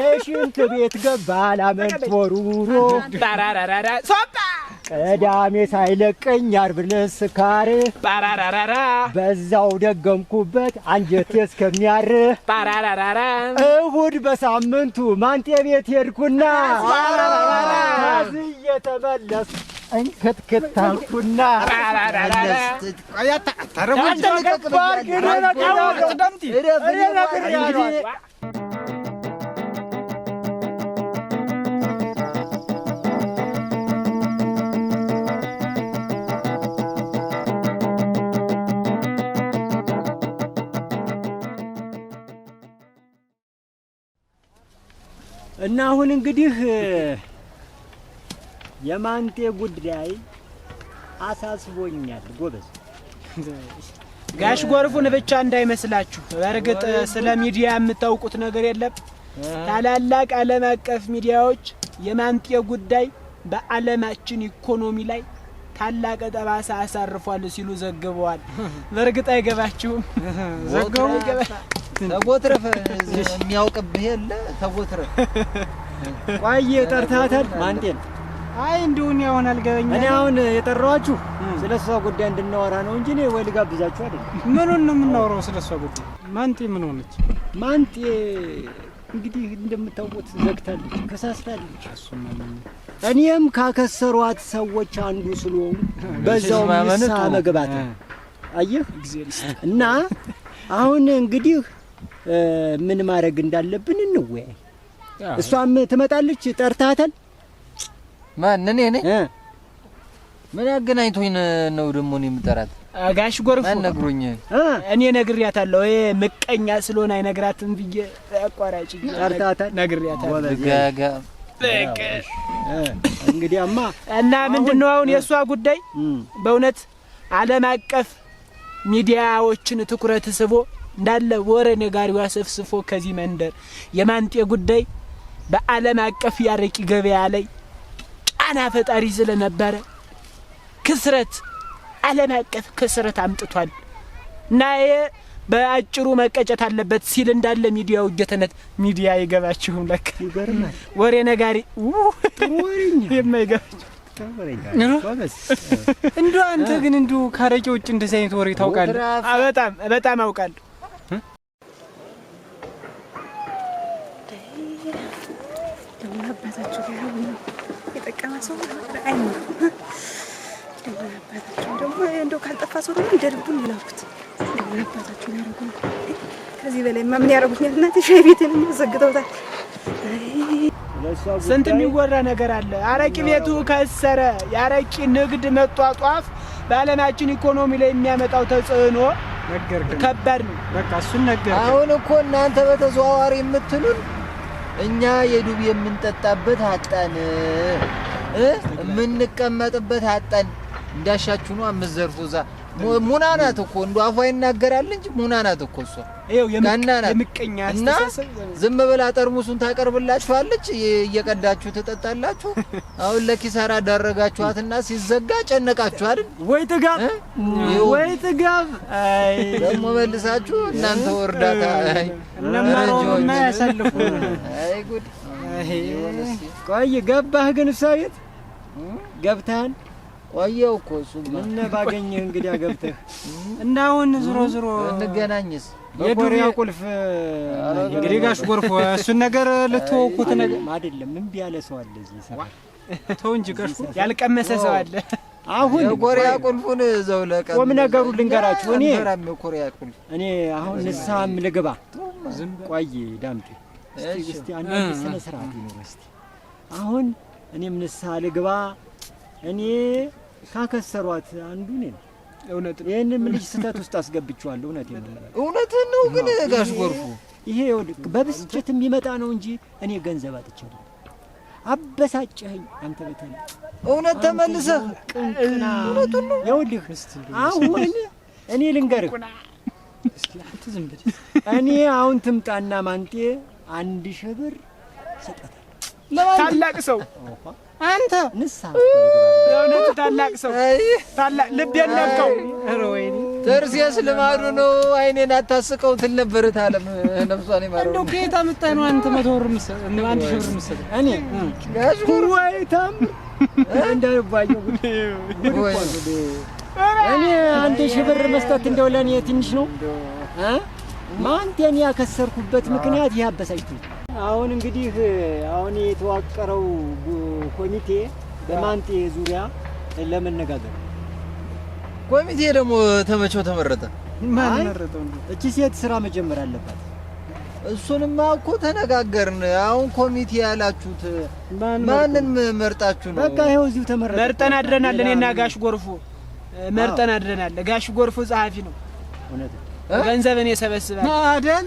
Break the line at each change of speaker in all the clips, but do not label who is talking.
እሽንት ቤት ገባ ላመንት ወሩሮ ቅዳሜ ሳይለቀኝ አርብን ስካር በዛው ደገምኩበት አንጀቴ እስከሚያር እሁድ በሳምንቱ ማንጤ ቤት ሄድኩና ከዚህ እየተመለስ እንክትክት እና አሁን እንግዲህ የማንቴ ጉዳይ አሳስቦኛል ጎበዝ።
ጋሽ ጎርፉን ብቻ እንዳይመስላችሁ። በእርግጥ ስለ ሚዲያ የምታውቁት ነገር የለም። ታላላቅ ዓለም አቀፍ ሚዲያዎች የማንጤ ጉዳይ በዓለማችን ኢኮኖሚ ላይ ታላቅ ጠባሳ አሳርፏል ሲሉ ዘግበዋል። በእርግጥ አይገባችሁም።
ዘገቡ ተቦትረፍ የሚያውቅብህ የለ ተቦትረፍ።
ቆይ ጠርተሃታል? ማንጤን አይ እንዲሁን ያሆን አልገበኛ።
እኔ አሁን የጠራኋችሁ ስለ እሷ ጉዳይ እንድናወራ ነው እንጂ እኔ ወይ ልጋብዛችሁ አይደለም።
ምኑን ነው የምናወራው? ስለ እሷ ጉዳይ ማንጤ ምን ሆነች? ማንጤ እንግዲህ እንደምታውቁት ዘግታለች፣ ከሳስታለች። እኔም ካከሰሯት ሰዎች አንዱ ስለሆኑ በዛው ምሳ መግባት አየህ እና አሁን እንግዲህ ምን ማድረግ እንዳለብን እንወያይ። እሷም ትመጣለች። ጠርታታል? ማን? እኔ ምን አገናኝቶኝ ነው ደግሞ እኔ የምጠራት? ጋሽ ጎርፉ ማን ነግሮኝ? እኔ ነግሬያታለሁ። ይሄ ምቀኛ ስለሆነ አይነግራትም ብዬ አቋራጭ ጠርታታል። ነግሬያታለሁ። ጋጋ በቃ እንግዲያማ እና ምንድን ነው አሁን የእሷ ጉዳይ በእውነት ዓለም አቀፍ ሚዲያዎችን ትኩረት ስቦ እንዳለ ወረ ነጋሪዋ ሰፍስፎ ከዚህ መንደር የማንጤ ጉዳይ በዓለም አቀፍ ያረቂ ገበያ ላይ ጫና ፈጣሪ ስለነበረ ክስረት ዓለም አቀፍ ክስረት አምጥቷል እና በአጭሩ መቀጨት አለበት ሲል እንዳለ ሚዲያው እጀተነት ሚዲያ አይገባችሁም። ለካ ይገርማል። ወሬ ነጋሪ የማይገባችሁ አንተ ግን እንዲ ካረቂ ውጭ እንደዚህ አይነት ወሬ ታውቃለህ? በጣም በጣም አውቃለሁ። አባታችሁ ጋር ወይ ነው የጠቀመ ሰው አይ ነው ደግሞ ደግሞ እንደው ካልጠፋ ሰው ደግሞ እንደልቡን ይላኩት ደግሞ አባታችሁ ያደረጉ ከዚህ በላይ ማምን ምን ያደረጉትኛል? ሻይ ቤትን ዘግተውታል። ስንት የሚወራ ነገር አለ። አረቂ ቤቱ ከሰረ። የአረቂ ንግድ መጧጧፍ በዓለማችን ኢኮኖሚ ላይ የሚያመጣው ተጽዕኖ ከባድ ነው። በቃ እሱን ነገር አሁን እኮ እናንተ በተዘዋዋሪ የምትሉን እኛ የዱብ የምንጠጣበት አጣን፣ የምንቀመጥበት አጣን። እንዳሻችሁ ነው አምስት እዛ ሙና ናት እኮ እንደ አፏ ይናገራል እንጂ ሙና ናት እኮ እሷ ናት። እና ዝም ብላ ጠርሙሱን ታቀርብላችኋለች፣ እየቀዳችሁ ትጠጣላችሁ። አሁን ለኪሳራ ዳረጋችኋትና ሲዘጋ ጨነቃችሁ አይደል? ወይ ጥጋብ ወይ ጥጋብ ደግሞ መልሳችሁ እናንተ ያሳልፉ። አይ ጉድ! ቆይ ገባህ ግን እሷ ቤት ገብተሃል ቆየው እኮ እሱ ምን ባገኘህ እንግዲህ ገብተህ እና አሁን ዝሮ ዝሮ እንገናኝስ የዱሪያ ቁልፍ እንግዲህ ጋሽ ጎርፎ እሱን ነገር ልትወኩት ነገር አይደለም። እምቢ ያለ ሰው አለ እዚህ ሰፈር። ተው እንጂ ጋሽ ያልቀመሰ ሰው አለ። አሁን የኮሪያ ቁልፉን ዘው ለቀ ነገሩ ልንገራችሁ። እኔ እኔ አሁን ንስሐም ልግባ። ቆይ ዳምጤ፣ እስቲ አንድ ስነ ስርዓት ይኖር። እስቲ አሁን እኔም ንስሐ ልግባ እኔ ካከሰሯት አንዱ እኔ እውነት ነው። ይህንም ልጅ ስህተት ውስጥ አስገብቼዋለሁ። እውነት እውነት ነው። ግን ጋሽ ጎርፉ ይሄ በብስጭት የሚመጣ ነው እንጂ እኔ ገንዘብ አጥቻለሁ። አበሳጭኸኝ አንተ በተለይ እውነት ተመልሰህ እውነቱን ነው። ይኸውልህ አሁን እኔ ልንገርህ፣ እኔ አሁን ትምጣና ማንጤ አንድ ሺህ ብር ሰጠታለሁ። ታላቅ ሰው አንተ የእውነት ታላቅ ሰው ታላቅ ልብ የለቀው ጥርሴስ ልማዱ ነው። አይኔን አታስቀው ትል ነበር ታለም ነብሷን ይማረው እንዴ ጌታ መጣይ ነው። አንተ መቶ ብር ምስል አንድ ሺህ ብር ምስል እኔ ወይታም እንዳይባየው እኔ አንድ ሺህ ብር መስጠት እንደው ለእኔ ትንሽ ነው። ማንቴን ያከሰርኩበት ምክንያት ይህ አበሳጭቶኝ አሁን እንግዲህ አሁን የተዋቀረው ኮሚቴ በማንጤ ዙሪያ ለመነጋገር ኮሚቴ ደግሞ ተመቸው ተመረጠ። ማን መረጠው? እቺ ሴት ስራ መጀመር አለባት። እሱንማ እኮ ተነጋገርን። አሁን ኮሚቴ ያላችሁት ማንን መርጣችሁ ነው? በቃ ይኸው እዚሁ ተመረጠ። መርጠን አድረናል። እኔና ጋሽ ጎርፎ መርጠን አድረናል። ጋሽ ጎርፎ ጸሐፊ ነው፣ ገንዘብ እኔ ሰበስባለሁ አይደል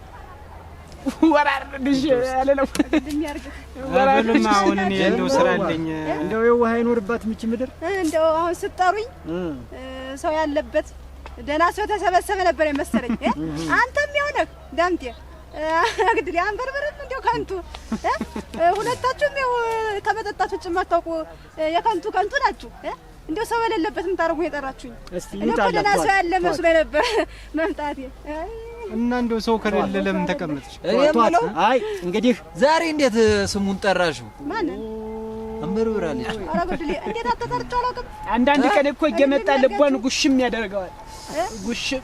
ወራርድሽ አለለው በልማ አሁን እኔ እንደው ስራ አለኝ። እንደው የዋህ አይኖርባት ምች ምድር እንደው አሁን ስጠሩኝ ሰው ያለበት ደህና ሰው ተሰበሰበ ነበር የመሰለኝ። አንተም የሆነህ ዳምጤ አግድል አንበርበርም እንደው ከንቱ ሁለታችሁም ያው ከመጠጣት ውጭ የማታውቁ የከንቱ ከንቱ ናችሁ። እንደው ሰው የሌለበት ምን ታደርጉ የጠራችሁኝ? እኔ እኮ ደህና ሰው ያለ መስሎኝ ነበር መምጣቴ እና እንደው ሰው ከሌለ ለምን ተቀመጥሽ? አይ እንግዲህ ዛሬ እንዴት ስሙን ጠራሽው? አምርብራለች። አንዳንድ ቀን እኮ እየመጣ ልቧን ጉሽም ያደርገዋል። ጉሽም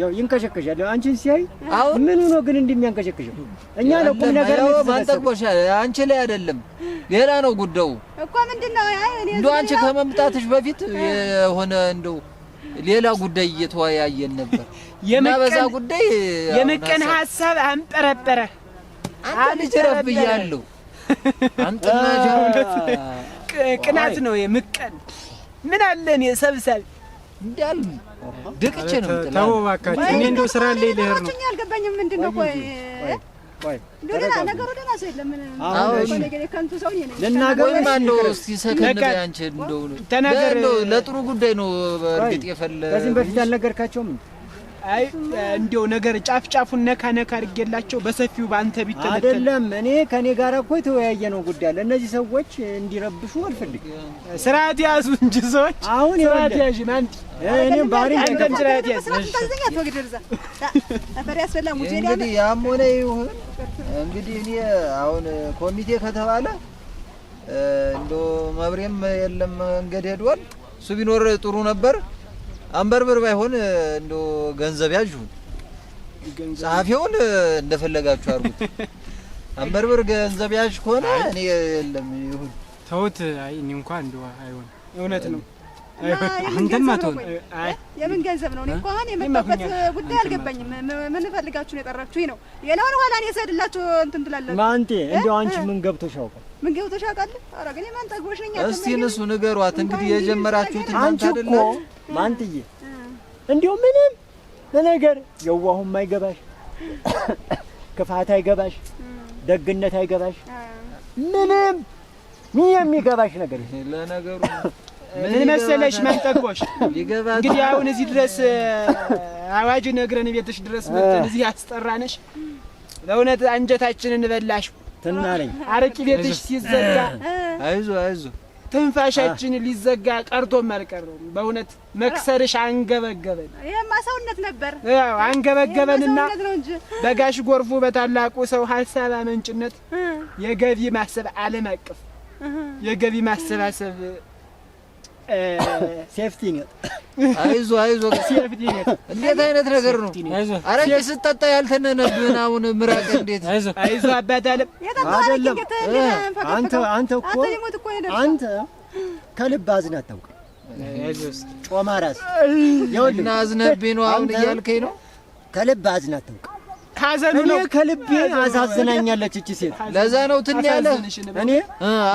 ያው ይንከሸከሻል። አንቺን ሲያይ ምን ሆኖ ግን እንደሚያንከሸከሸው እኛ ለቁም ነገር ነው ማንጠቅቦሻል። አንቺ ላይ አይደለም ሌላ ነው ጉዳዩ እኮ ምንድነው? እንደው አንቺ ከመምጣትሽ በፊት የሆነ እንደው ሌላ ጉዳይ እየተወያየን ነበር እና ጉዳይ የምቀን ሀሳብ አንጠረጠረ አንተ ልጅ ረፍ ብያለሁ። ቅናት ነው የምቀን ምን አለን የሰብሰብ እንዳል ደቅቼ ነው ተው እባካችሁ፣ እኔ እንደው ስራ ላይ ልሄድ ነው። አልገባኝም። ምንድን ነው ቆይ ለጥሩ ጉዳይ ነው። እርግጥ ከዚህም በፊት አልነገርካቸውም? አይ እንዲያው ነገር ጫፍ ጫፉን ነካ ነካ አድርጌላቸው በሰፊው በአንተ አይደለም። እኔ ከኔ ጋር እኮ የተወያየ ነው ጉዳይ ሰዎች እንዲረብሹ አልፈልግም። ስርዓት ያዙ እንጂ ሰዎች አሁን ስርዓት ያዥ እኔም እንግዲህ ያም ሆነ ይሁን እንግዲህ እኔ አሁን ኮሚቴ ከተባለ እንዶ መብሬም የለም መንገድ ሄዷል። እሱ ቢኖር ጥሩ ነበር። አንበርበር ባይሆን እንዶ ገንዘብ ያዥ ያዥሁ ጸሐፊውን እንደፈለጋችሁ አድርጉት። አንበርበር ገንዘብ ያዥ ከሆነ እኔ የለም ይሁን ተውት። አይ እኔ እንኳን እንደው አይሆን እውነት ነው። አንተም አትሆን። የምን ገንዘብ ነው? እኔ እኮ አሁን የመጣሁበት ጉዳይ አልገባኝም። ምን ፈልጋችሁ ነው የጠራችሁኝ ነው? ሌላውን ኋላ እኔ ስሄድላችሁ እንትን ትላለህ። ማንቴ እንዲያው አንቺ ምን ገብቶሽ ያውቃል? ምን ገብቶሽ ያውቃል? ኧረ ግን የማን ጠግቦሽ ነኝ። እስቲ ንሱ ንገሯት እንግዲህ የጀመራችሁት አንቺ እኮ ማንትዬ፣ እንዲያው ምንም ለነገር የዋሁም አይገባሽ፣ ክፋት አይገባሽ፣ ደግነት አይገባሽ፣ ምንም የሚገባሽ ነገር ለነገሩ ምን መሰለሽ መንጠቆሽ እንግዲህ አሁን እዚህ ድረስ አዋጅ ነግረን ቤትሽ ድረስ መጥተን እዚህ ያስጠራንሽ ለእውነት አንጀታችን እንበላሽ ትናለኝ አረቂ ቤትሽ ሲዘጋ አይዞ አይዞ ትንፋሻችን ሊዘጋ ቀርቶ አልቀረውም። በእውነት መክሰርሽ አንገበገበን። ይሄማ ሰውነት ነበር። አዎ አንገበገበንና በጋሽ ጎርፉ በታላቁ ሰው ሀሳብ አመንጭነት የገቢ ማሰብ ዓለም አቀፍ የገቢ ማሰባሰብ ሴፍቲ ኔት። አይዞ አይዞ፣ ሴፍቲ ኔት። እንዴት አይነት ነገር ነው? አረቄ ስጠጣ ያልተነነብህን አሁን ምራቅ። እንዴት አይዞ አይዞ፣ አባት አለም አይደለም። አንተ አንተ እኮ አንተ ከልብ አዝነህ አታውቅም። ጮማ ራስ ይኸውልህ፣ አዝነብኝ ነው አሁን እያልከኝ ነው። ከልብ አዝነህ አታውቅም። ሐዘኑ ነው። ከልቤ አሳዝናኛለች እቺ ሴት። ለዛ ነው ትን ያለህ። እኔ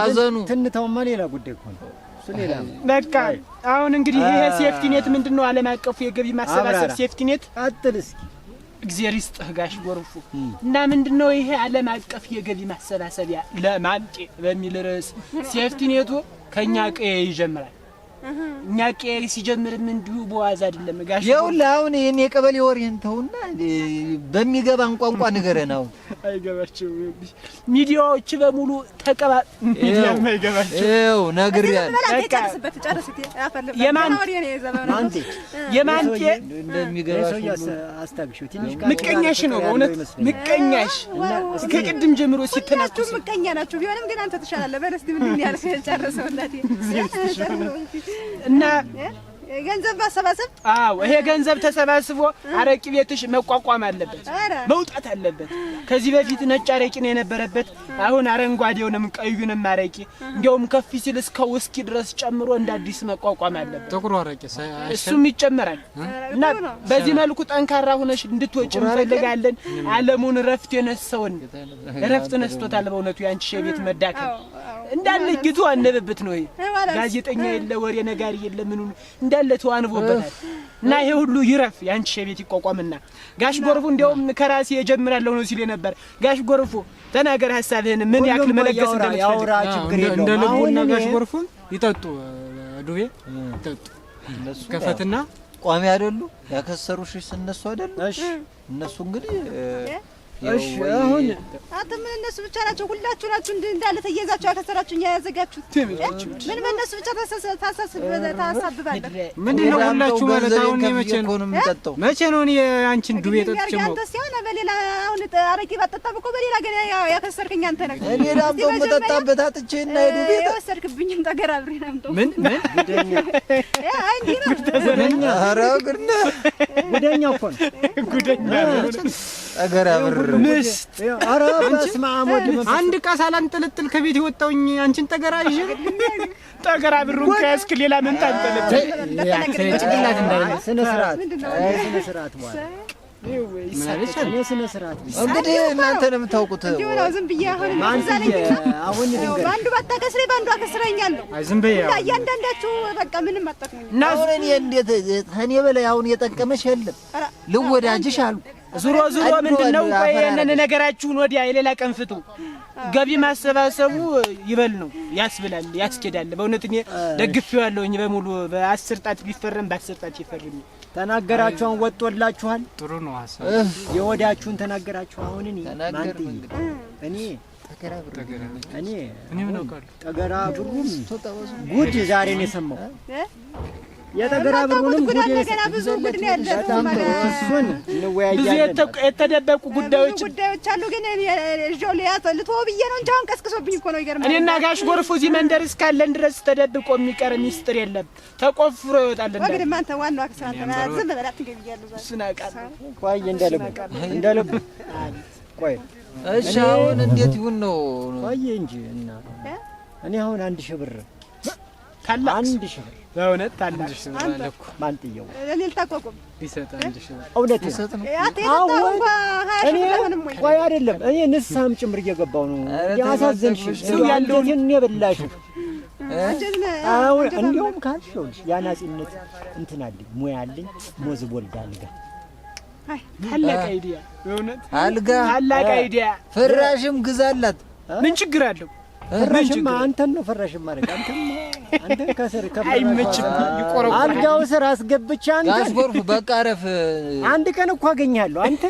አዘኑ ትንተውማ ሌላ ጉዳይ እኮ ነው በቃ አሁን እንግዲህ ይሄ ሴፍቲ ኔት ምንድን ነው? ዓለም አቀፉ የገቢ ማሰባሰብ ሴፍቲ ኔት አጥል እስኪ እግዜር ይስጥህ ጋሽ ጎርፉ እና ምንድን ነው ይሄ ዓለም አቀፍ የገቢ ማሰባሰቢያ ለማንጤ በሚል ርዕስ ሴፍቲ ኔቱ ከእኛ ቀዬ ይጀምራል። እኛ ቄ ሲጀምርም እንዲሁ በዋዛ አይደለም ጋሽ። ይኸውልህ አሁን ይሄን የቀበሌ ወሬን ተውና በሚገባን ቋንቋ ንገረን። አሁን አይገባቸውም። ሚዲያዎች በሙሉ ተቀባ ሚዲያ አይገባቸው። ይኸው ነግሬያለሁ። ምቀኛሽ ነው በእውነት ምቀኛሽ፣ ከቅድም ጀምሮ ሲተናኩስ ምቀኛ ናቸው። ቢሆንም ግን አንተ ትሻላለህ። በለስ ምን ያህል ስለጨረሰው እናቴ እና ገንዘብ ማሰባሰብ። አዎ ይሄ ገንዘብ ተሰባስቦ አረቂ ቤትሽ መቋቋም አለበት፣ መውጣት አለበት። ከዚህ በፊት ነጭ አረቂ ነው የነበረበት። አሁን አረንጓዴውንም ቀዩንም አረቂ እንዲያውም ከፍ ሲል እስከ ውስኪ ድረስ ጨምሮ እንደ አዲስ መቋቋም አለበት። ጥቁሩ አረቂ እሱም ይጨመራል እና በዚህ መልኩ ጠንካራ ሆነሽ እንድትወጪ እንፈልጋለን። አለሙን እረፍት የነሰውን እረፍት ነስቶታል። በእውነቱ ያንቺ ሸቤት መዳከም እንዳለ ጊቱ አነበበት ነው። ይሄ ጋዜጠኛ የለ ወሬ ነጋሪ የለ ምኑን እንዳ እንዳለ ተዋንቦበታል። እና ይሄ ሁሉ ይረፍ ያንቺ ሸቤት ይቋቋምና ጋሽ ጎርፉ እንዲያውም ከራሴ የጀምራለሁ ነው ሲል ነበር። ጋሽ ጎርፉ ተናገር ሀሳብህን፣ ምን ያክል መለገስ እንደምትፈልግ እንደ ልቡና ጋሽ ጎርፉ ይጠጡ ዱቤ ይጠጡ ከፈትና ቋሚ አይደሉ ያከሰሩሽ እነሱ አይደሉ እነሱ እንግዲህ እሺ አሁን አንተ ምን እነሱ ብቻ ናቸው? ሁላችሁ ናችሁ እንዳለ ተያይዛችሁ ያከሰራችሁ እኛ ምን በእነሱ ብቻ ታሳብባለህ? ምንድን ነው ሁላችሁ ማለት አሁን መቼ ነው መቼ ነው እኔ ዱቤ ጠጥቼ ነው? አንተ ሲሆን በሌላ አሁን አረቄ ባጠጣም እኮ በሌላ ገና ያከሰርክኝ አንተ ነህ። እኔ ዳምጦ የምጠጣበት አጥቼ እና ዱቤ የወሰድክብኝም ነገር አብሬ ዳምጦ ምን ምን ጉደኛ ኧረ ጉደኛ እኮ ነው ጉደኛ አንድ ዕቃ ሳላንጠለጥል ከቤት የወጣውኝ አንቺን ጠገራ ይዤ ጠገራ ብሩን ከያዝክ ሌላ ምንጣ አንጠለጥል። ጭንቅላት እንዳይል ስነ ስርዓት ስነ ስርዓት እንግዲህ እናንተ ነው የምታውቁት። ዝም ብዬ በአንዱ ባታከስረኝ በአንዱ አከስረኛለሁ። እያንዳንዳችሁ በቃ ምንም አጠቅሙኝ እና አሁን እኔ እንዴት ከእኔ በላይ አሁን የጠቀመሽ የለም ልወዳጅሽ አሉ ዙሮ ዙሮ ምንድነው ይሄንን ነገራችሁን ወዲያ የሌላ ቀን ፍቱ። ገቢ ማሰባሰቡ ይበል ነው ያስብላል፣ ያስኬዳል። በእውነት እኔ ደግፌዋለሁኝ በሙሉ በአስር ጣት ቢፈረም በአስር ጣት ይፈርም። ተናገራችኋን ወጥቶላችኋል። ጥሩ ነው ሀሳብ የወዲያችሁን ተናገራችሁ። አሁን እኔ እኔ እኔ ጠገራ ብሩም ጉድ ዛሬ ነው የሰማው የተገራብሩንም ጉድ ገና ብዙ የተደበቁ ጉዳዮች ጉዳዮች አሉ። ግን እጆ ሊያዝ ልትወው ብዬ ነው እንጂ አሁን ቀስቅሶብኝ እኮ ነው። ይገርማል። እኔና ጋሽ ጎርፉ እዚህ መንደር እስካለን ድረስ ተደብቆ የሚቀር ሚስጥር የለም። ተቆፍሮ ይወጣል። ወግድማ አንተ ዋናው አክስራት ዝም በላት ትገብያለሁ። እሱን አውቃለሁ። ቆይ እንደ ልቡ ቆይ እሺ። አሁን እንዴት ይሁን ነው? ቆይ እንጂ እና እኔ አሁን አንድ ሺህ ብር አንድ ሺህ ብር በእውነት ማን ጥየው እኔ ልታቋቁም ቢሰጥ አንድ ሺህ ብር እውነት ነው። ቆይ አይደለም እኔ ንስሐም ጭምር እየገባው ነው። ያሳዘንሽ ሰው የአናጺነት እንትን አለኝ ሙያ አለኝ አልጋ ታላቅ አይዲያ በእውነት አልጋ ታላቅ አይዲያ ፍራሽም ግዛላት ምን ችግር አለው? ፍራሽማ አንተን ነው ፍራሽማ አደረግ አንተም አንተ ከስር አይመችም። አልጋው ስር አስገብቼ አንተ አስጎርፍ በቃ አረፍ። አንድ ቀን እኮ አገኛለሁ፣ አንተ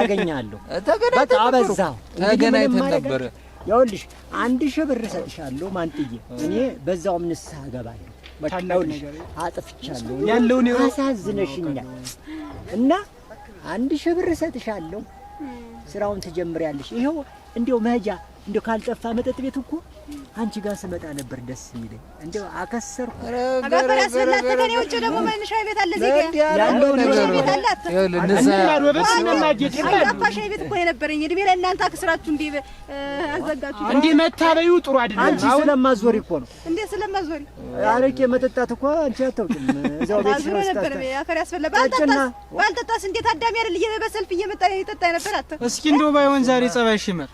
አገኛለሁ። በቃ አበዛው። ተገናኝተን ነበረ። ይኸውልሽ አንድ ሺህ ብር እሰጥሻለሁ ማንጥዬ። እኔ በዛውም ንስሐ እገባለሁ። ይኸውልሽ አጥፍቻለሁ፣ ያለውን አሳዝነሽኛል እና አንድ ሺህ ብር እሰጥሻለሁ፣ ስራውን ትጀምሪያለሽ። ይኸው እንዲያው መሄጃ እንደ ካልጠፋ መጠጥ ቤት እኮ አንቺ ጋር ስመጣ ነበር ደስ የሚለኝ። እንደው አከሰርኩ አባባራ ስለላተ ከኔ ውጭ ደግሞ አለ ቤት እኮ የነበረኝ እድሜ አክስራችሁ አዘጋችሁ መታበዩ ጥሩ አይደለም። አንቺ ስለማዞሪ እኮ ነው እንዴ ስለማዞሪ አረቄ መጠጣት እኮ አንቺ አታውቂም። እዛው ቤት ነበር ባልጠጣስ እንዴ ታዳሚ አይደል እየመጣ ነበር። አታ እስኪ እንደው ባይሆን ዛሬ ጸባይሽ ይመር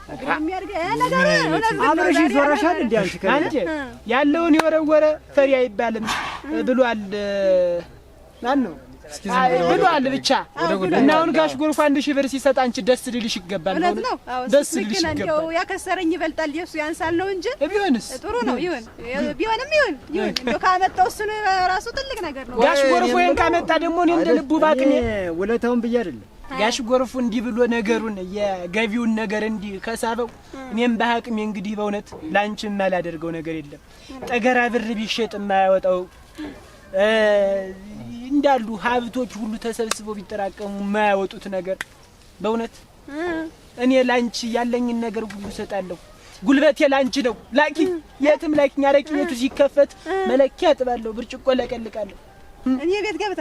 አምርሽ ዞራሽ ይሻል እንዲ አንቺ ከአንቺ ያለውን የወረወረ ፈሪ አይባልም ብሏል። ማን ነው ብሏል ብቻ። እና አሁን ጋሽ ጎርፍ አንድ ሺህ ብር ሲሰጥ አንቺ ደስ ሊልሽ ይገባል። እውነት ነው። ደስ ሊልሽ ይገባል። ያከሰረኝ ይበልጣል የእሱ ያንሳል ነው እንጂ ቢሆንስ ጥሩ ነው። ይሁን ቢሆንም ይሁን ይሁን። እንደው ካመጣው እሱን ራሱ ትልቅ ነገር ነው። ጋሽ ጎርፍ ወይን ካመጣ ደግሞ እኔ እንደ ልቡ ባቅሜ ውለታውን ብዬ አይደለም ያሽ ጎርፉ እንዲህ ብሎ ነገሩን የገቢውን ነገር እንዲህ ከሳበው፣ እኔም በአቅሜ እንግዲህ በእውነት ላንቺ የማላደርገው ነገር የለም። ጠገራ ብር ቢሸጥ የማያወጣው እንዳሉ ሀብቶች ሁሉ ተሰብስበው ቢጠራቀሙ የማያወጡት ነገር በእውነት እኔ ላንቺ ያለኝን ነገር ሁሉ እሰጣለሁ። ጉልበቴ ላንቺ ነው። ላኪ የትም ላኪኝ። አረቂ ቤቱ ሲከፈት መለኪያ አጥባለሁ፣ ብርጭቆ ለቀልቃለሁ። እኔ ቤት ገብታ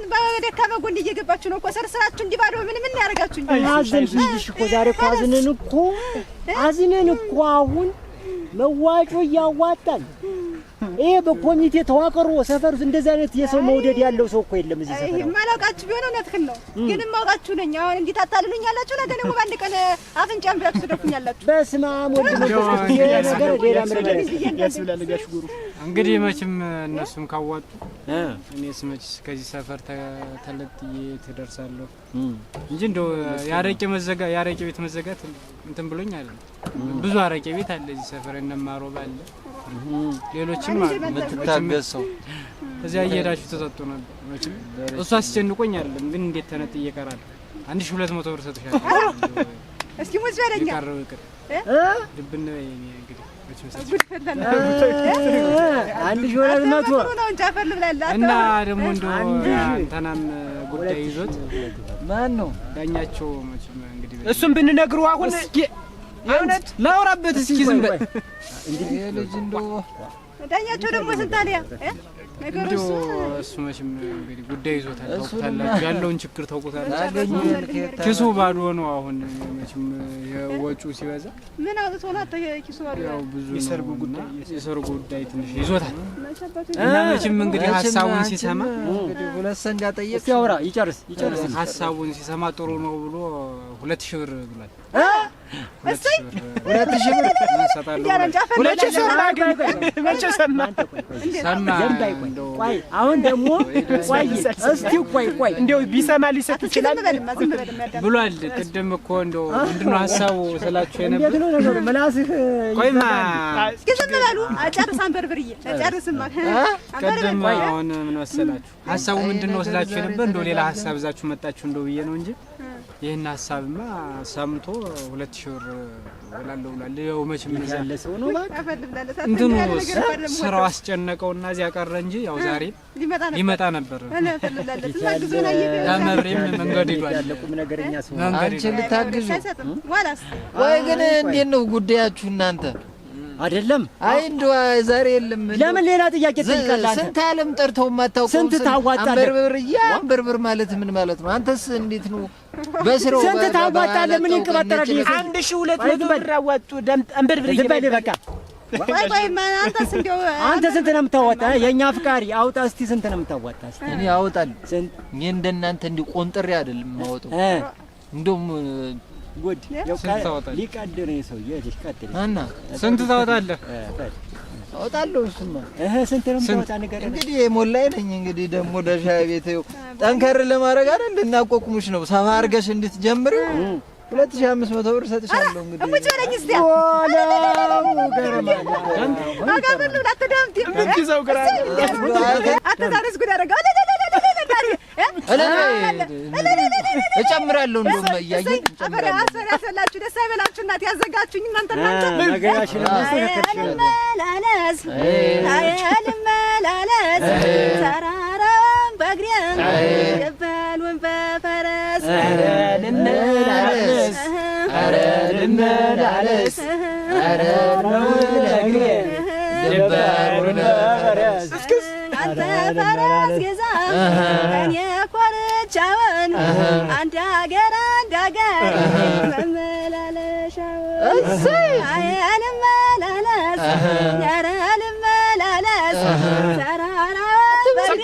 ምን በደካማ ጎን እየገባችሁ ነው እኮ ሰርስራችሁ እንዲህ ባዶ ምን ምን ያደርጋችሁ? አዘንሽ እኮ ዛሬ እኮ አዝነን እኮ አዝነን እኮ አሁን መዋጮ እያዋጣን ይሄ በኮሚቴ ተዋቅሮ ሰፈር እንደዚህ አይነት የሰው መውደድ ያለው ሰው እኮ የለም እዚህ ሰፈር። ማላውቃችሁ ቢሆን እውነትህን ነው፣ ግን የማውቃችሁ ነኝ። አሁን እንዴት አታልሉኝ ያላችሁ ነገ ደግሞ በአንድ ቀን አፍንጫን ብላችሁ ትደፉኝ በስመ አብ ወልድ መንፈስ ነገር ሌላ ምን እንግዲህ መቼም እነሱም ካዋጡ እኔስ መቼስ ከዚህ ሰፈር ተለጥዬ ትደርሳለሁ እንጂ እንደው ያረቄ መዘጋ ያረቄ ቤት መዘጋት እንትን ብሎኝ አይደለም ብዙ አረቄ ቤት አለ እዚህ ሰፈር፣ እነማሮ ባለ ሌሎችም የምትታገዝ ሰው እዚያ እየሄዳችሁ ተሰጡ ነበር። እሱ አስጨንቆኝ አይደለም ግን እንዴት ተነጥ እየቀራል። አንድ ሺህ ሁለት መቶ ብር ሰጥሻለሁ። እስኪ ሙዝ በለኛ ቀረው ይቅር ድብን ነው እንግዲህ አንድ ሺህ ሁለት መቶ እና ደግሞ እንደው ጉዳይ ይዞት ማን ነው ዳኛቸው? መቼም እንግዲህ ብንነግሩ አሁን እውነት ላውራበት እስኪ ዝም በል እንግዲህ ልጅ እንደው ዳኛቸው ደግሞ ስንት አልያ ነገሩ እሱ መቼም እንግዲህ ጉዳይ ይዞታል፣ ታውቁታላችሁ። ያለውን ችግር ታውቁታላችሁ። ኪሱ ባዶ ነው። አሁን መቼም የወጪው ሲበዛ ምን አውጥቶ ናት ኪሱ ባዶ ያው ብዙ የሰርጉ ጉዳይ የሰርጉ ጉዳይ ትንሽ ይዞታል እና መቼም እንግዲህ ሀሳቡን ሲሰማ ሁለት ሰ እንዳጠየቅ ያውራ ይጨርስ ይጨርስ ሀሳቡን ሲሰማ ጥሩ ነው ብሎ ሁለት ሺህ ብር ብሏል። አሁን ደግሞ ቆይ እስኪ ቆይ ቆይ እንደው ቢሰማ ሊሰጥ ይችላል ብሏል። ቅድም እኮ እንደው ምንድን ነው ሀሳቡ ስላችሁ የነበረ ምላስህ ቆይማ እስኪ ዝም በሉ አጨርሳን በርብርዬ አጨርስማ ቅድም አሁን ምን መሰላችሁ ሀሳቡ ምንድን ነው ስላችሁ የነበረ እንደው ሌላ ሀሳብ እዛችሁ መጣችሁ እንደው ብዬ ነው እንጂ ይህን ሀሳብማ ሰምቶ ሁለት ሺህ ብር እላለሁ ብሏል። ያው መቼም ያለ ሰው ነው እንትኑ ስራው አስጨነቀው እና እዚያ ቀረ እንጂ ያው ዛሬ ይመጣ ነበር። መብሬም መንገድ ሄዷል። አንቺ ልታግዙ ወይ ግን እንዴት ነው ጉዳያችሁ እናንተ? አይደለም። አይ እንደው ዛሬ የለም። ለምን ሌላ ጥያቄ ትጠይቃለህ? ስንት ዓለም ጠርተው የማታውቀው ስንት ታዋጣለህ? አንበርብር እያ አንበርብር ማለት ምን ማለት ነው? አንተስ እንዴት ነው በስራው? ስንት ታዋጣለህ? ምን ይንቀባጠራል? አንድ ሺህ ሁለት መቶ ብር አዋጡ። አንበርብር ይበል በቃ። ቆይ ቆይ፣ እንደው አንተ ስንት ነው የምታዋጣ? የእኛ አፍቃሪ አውጣ እስቲ፣ ስንት ነው የምታዋጣ? እስቲ እኔ አውጣል። ስንት እኔ እንደናንተ እንዲህ ቆንጥሬ አይደለም የማወጣው እንደውም ጉድ ሊቀድር ሰውዬ ሊቀድር እና ስንት ታወጣለህ? አወጣለሁ። እሱማ ስንት ነው የምታወጣ? ንገረኝ እንግዲህ ሞላዬ ነኝ። እንግዲህ ደግሞ ለሻይ ቤት ጠንከር ለማድረግ አይደል እናቋቁሙሽ ነው ሰፋ አድርገሽ እንድትጀምሪው ሁለት ሺህ አምስት መቶ ብር ሰጥሻለሁ። እንግዲህ ሙጭ በለኝ እስቲ እጨምራለሁ። እንደውም እያየን አሰላችሁ ደስ አይበላችሁ። እናት ያዘጋችሁኝ እናንተ ናችሁ። አልመላለስ አልመላለስ ተራራውን በእግሬን ገባሉን በፈረስ ልመላለስ ልመላለስ ረለግሬ ገባሉን በፈረስ አንተ ፈረስ ግዛ አንድ አገር አንድ አገር መመላለሻውን ኧረ ልመላለስ ተራራውን በእግሬ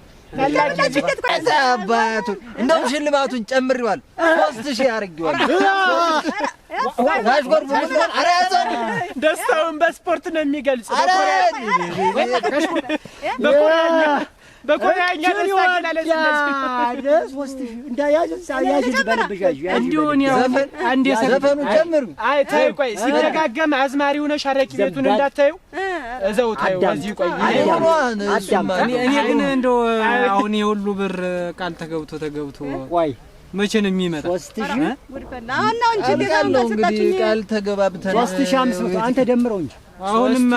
አባቱ እንደውም ሽልማቱን ጨምሬዋለሁ። ሦስት ሺህ አድርጌዋለሁ። ደስታውን በስፖርት ነው የሚገልጽ። በኮሪያኛ ዘፈኑን ጨምሩ። አይ ተይ ቆይ፣ ሲደጋገም አዝማሪ ሆነሽ አረቂ ቤቱን እንዳታዩ እዛው ታዩ እኔ ግን እንደው አሁን የሁሉ ብር ቃል ተገብቶ ተገብቶ ቆይ መቼ ነው የሚመጣ? ሶስት ሺህ አሁን ነው እንጂ ሊጋለው እንግዲህ ቃል ተገባብተን ሶስት ሺህ አምስት መቶ አንተ ደምረው እንጂ አሁንማ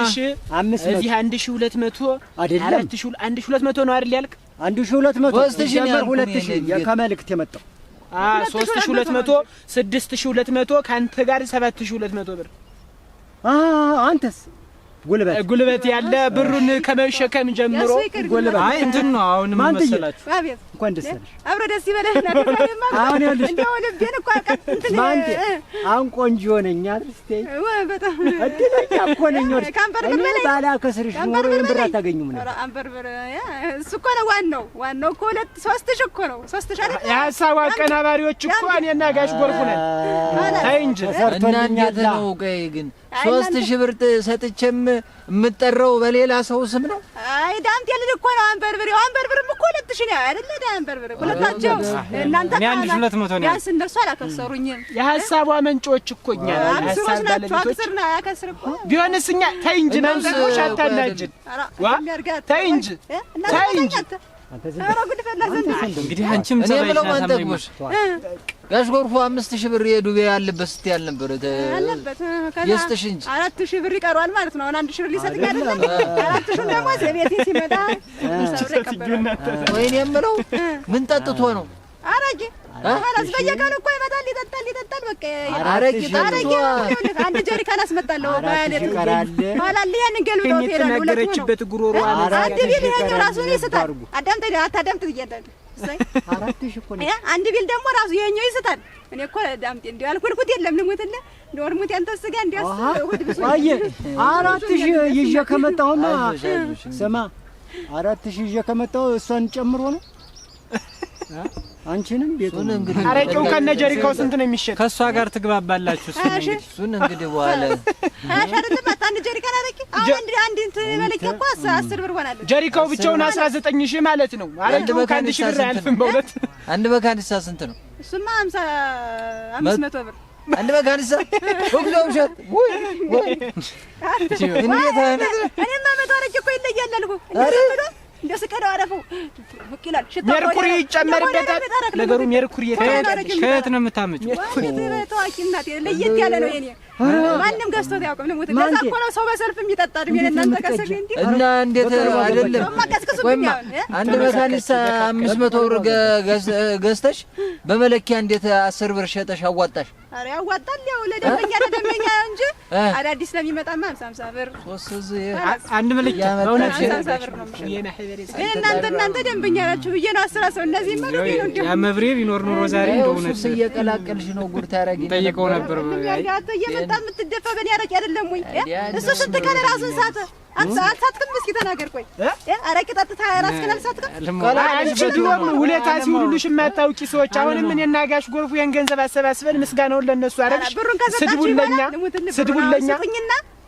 አምስት መቶ እዚህ አንድ ሺህ ሁለት መቶ አይደለም አራት ሺህ አንድ ሺህ ሁለት መቶ ነው አይደል ያልክ? አንድ ሺህ ሁለት መቶ ሶስት ሺህ ያልኩህ ሁለት ሺህ ከመልእክት የመጣው ሶስት ሺህ ሁለት መቶ ስድስት ሺህ ሁለት መቶ ከአንተ ጋር ሰባት ሺህ ሁለት መቶ ብር አንተስ ጉልበት ያለ ብሩን ከመሸከም ጀምሮ ጉልበት። አይ እንትን ነው። አሁን ምን መሰላችሁ፣ እንኳን ደስ ያለሽ፣ አብሮ ደስ ይበለሽ። አሁን ያለሽ እንደው ልቤን እኮ ማንዴ አሁን ቆንጆ ሆነኛ አርስቴ ወይ በጣም እድለኛ እኮ ነኝ። ወርስ ባላ ከስርሽ ኖሮ ይሄን ብር አታገኙም ነው። አንበርበር እሱ እኮ ነው ዋናው። ዋናው እኮ ሁለት ሶስት እኮ ነው። ሶስት ሺህ አይደል? የሀሳብ አቀናባሪዎች እኮ እኔና ጋሽ ጎርፉ ነን። ተይ እንጂ ሰርቶልኛል። ነው ቆይ ግን ሶስት ሺህ ብር ሰጥቼም የምጠራው በሌላ ሰው ስም ነው። አይ ዳምቴ ልል እኮ ነው አንበርብሬው። አንበርብርም እኮ ሁለት ሺህ ነው አይደለ? አንበርብር ሁለታቸው እናንተ ሁለት መቶ ነው ያስ እነሱ አላከሰሩኝም። የሀሳቧ መንጮች እኮ እኛ አክስሮች ናቸው። አክስር ና ያከስር እኮ ቢሆንስ እኛ ተይ እንጂ መንዘሮች አታናጅን ተይ እንጂ ተይ እንጂ እንግዲህ አንቺም ሰበሽ ናት ደግሞሽ ጋሽ ጎርፉ አምስት ሺህ ብር የዱቤ አለበት ስትይ አልነበረ አለበት ይስጥሽ እንጂ አራት ሺህ ብር ይቀሯል ማለት ነው። አሁን አንድ ሺህ ብር ሊሰጥኝ አይደለም። አራት ሺህ ደግሞ ዘቤቴ ሲመጣ ወይኔ የምለው ምን ጠጥቶ ነው አረጌ ኸላስ በየቀኑ እኮ ይመጣል፣ ይጠጣል፣ ይጠጣል። በቃ አንድ ጀሪካን አስመጣለሁ። ጉሮሮ አንድ ቢል ይስታል። አዳምጥ አታዳምጥ አንድ ቢል ደግሞ ራሱ ይስታል። እኔ እኮ ዳምጤ እንዲያው የለም አራት ሺህ ይዤ ከመጣሁና ስማ አራት ሺህ ይዤ ከመጣሁ እሷን ጨምሮ ነው አንቺንም ቤቱን እንግዲህ አረቄው ከነ ጀሪካው ስንት ነው የሚሸጥ? ከእሷ ጋር ትግባባላችሁ። እሱን እንግዲህ እንግዲህ በኋላ አሁን ጀሪካው ብቻውን አስራ ዘጠኝ ሺህ ማለት ነው። አረቄው ከአንድ ሺህ ብር አያልፍም በእውነት። አንድ በካንሳ ስንት ነው? እሱማ ሀምሳ አምስት መቶ ብር አንድ በካንሳ ወግዶ ውሸት ወይ ወይ እንዴት አይነት እኔማ መቶ አረቄ እኮ ይለያል አልኩህ። እንደ ስቀደው አረፈው ይላል። ሜርኩሪ ይጨመርበታል ነገሩ። ሜርኩሪ ከየት ነው የምታመጪው? ታዋቂ እናቴ ለየት ያለ ነው የኔ ማንም ገዝቶት ያውቅም። ልሙት ለዛ እኮ ነው ሰው በሰልፍ የሚጠጣ እድሜ ለእናንተ ከሰል እና እንዴት አይደለም። ወይማ አንድ መካኒሳ አምስት መቶ ብር ገዝተሽ በመለኪያ እንዴት አስር ብር ሸጠሽ አዋጣሽ? አረ ያዋጣል። ያው ለደንበኛ ለደንበኛ እንጂ አዳዲስ ለሚመጣማ ሀምሳ ሀምሳ ብር አንድ መለኪያ እናንተ እናንተ ደንበኛ ናችሁ ብዬ ነው አስራ ሰው እነዚህ መብሬ ቢኖር ኖሮ ዛሬ እየቀላቀልሽ ነው ጉድ ታረጊ ጠይቀው ነበር በጣም የምትደፋ በእኔ አረቄ አይደለም ወይ? እሱ ስንት ቀን ራሱን ሳተ። አልሳትክም? እስኪ ተናገር። ቆይ አረቄ ጠጥታ ራስህን አልሳትክም? አንቺ ድሮም ውለታ ሲውሉልሽ የማታውቂ ሰዎች፣ አሁንም እኔና ጋሽ ጎርፉ የን ገንዘብ አሰባስበን ምስጋናውን ለእነሱ አረግሽ፣ ስድቡን ለእኛ ስድቡን ለእኛ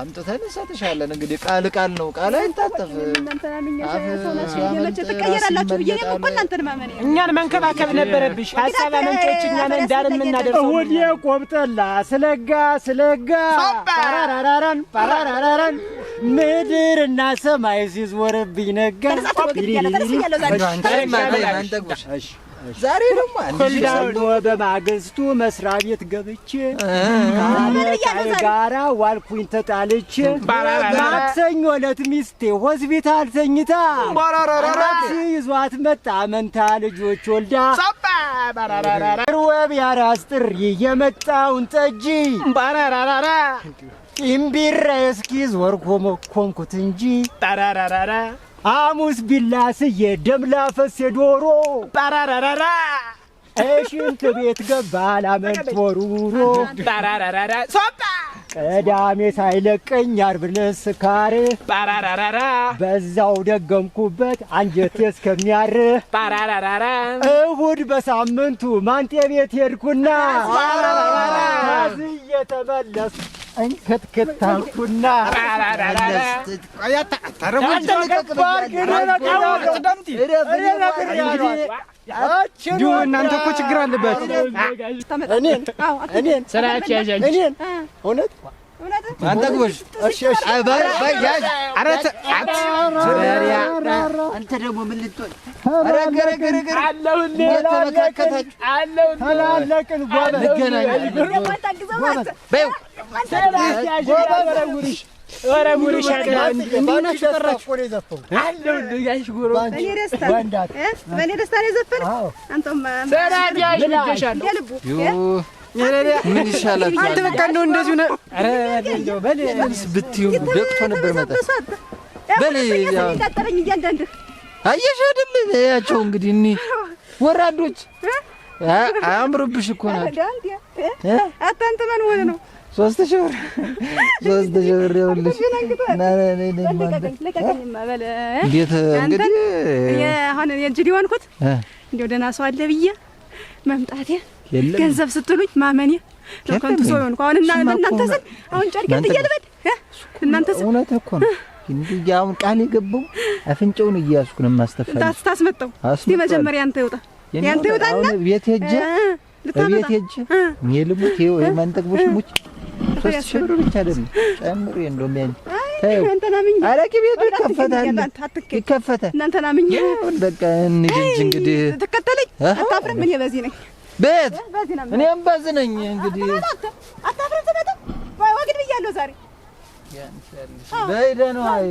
አምጥተን እንሰጥሻለን። እንግዲህ ቃል ቃል ነው፣ ቃል አይታጠፍ። እኛን መንከባከብ ነበረብሽ። ሀሳብ አመንጮች የምናደርሰው ቆብጠላ ስለጋ ስለጋ ሰማይ ሲዝወርብኝ ነጋ ዛሬ ደግሞ በማግስቱ መስሪያ ቤት ገብቼ ጋራ ዋልኩኝ ተጣልቼ። ማክሰኞ ዕለት ሚስቴ ሆስፒታል ተኝታ ታክሲ ይዟት መጣ መንታ ልጆች ወልዳ ሮብ የአራስ ጥሪ የመጣውን ጠጂ እምቢራ እስኪ ዞር ኮመኮምኩት እንጂ አሙስ ቢላስዬ ደም ላፈስ የዶሮ ጣራራራራ እሽንት ቤት ገባ ላመንት ወሩሮ ጣራራራራ ሶጣ ቅዳሜ ሳይለቀኝ አርብ ለስካር ጣራራራራ በዛው ደገምኩበት አንጀቴ እስከሚያር ጣራራራራ እሁድ በሳምንቱ ማንጤ ቤት ሄድኩና ዝ እየተመለሱ እንከትከታልኩና እናንተ እኮ ችግር አለበት። እኔን እውነት ما تقوش انت ደግሞ ምን ልትሆን ረገረገረገረ ምን ይሻላል? አንተ በቃ እንደው እንደዚሁ ነው። በልስ ብትዩ ደቅቶ ነበር አየሽ አይደል? ያቸው እንግዲህ እኒ ወራዶች አያምርብሽ እኮ ናቸው። ሶስት ሺህ ብር ሶስት ሺህ ብር ይኸውልሽ። እንዴት እንግዲህ አሁን እንጂ ሊሆንኩት እንደው ደህና ሰው አለ ብዬ መምጣቴ ገንዘብ ስትሉኝ ማመኔ ለከንቱ ሰው ይሆን አሁን እና እናንተ ስል አሁን ጨርቄን ጥዬ እናንተ ስል እውነት እኮ ነው እንዲህ አሁን ቃል የገባው አፍንጫውን እያያዝኩ ነው የማስተፋኝ። ታስመጣው እስቲ መጀመሪያ አንተ ይወጣ ያንተ ይውጣና ቤት ሄጄ ቤት ሄጄ እኔ ልሙት ይኸው የማንጠግቦሽ ሙች ሦስት ሺህ ብር ብቻ ደግሞ ጨምሬ እንደውም ኧረ ቅቤ ይከፈታል፣ ይከፈታል። እናንተን አምኜ በቃ እንሂድ እንጂ እንግዲህ ትከተለኝ። አታፍርም? እኔ በዚህ ነኝ ቤት እኔም በዚህ ነኝ እንግዲህ አታፍርም? ስመጣ ወግድ ብያለሁ ዛሬ በይደ ነው አይ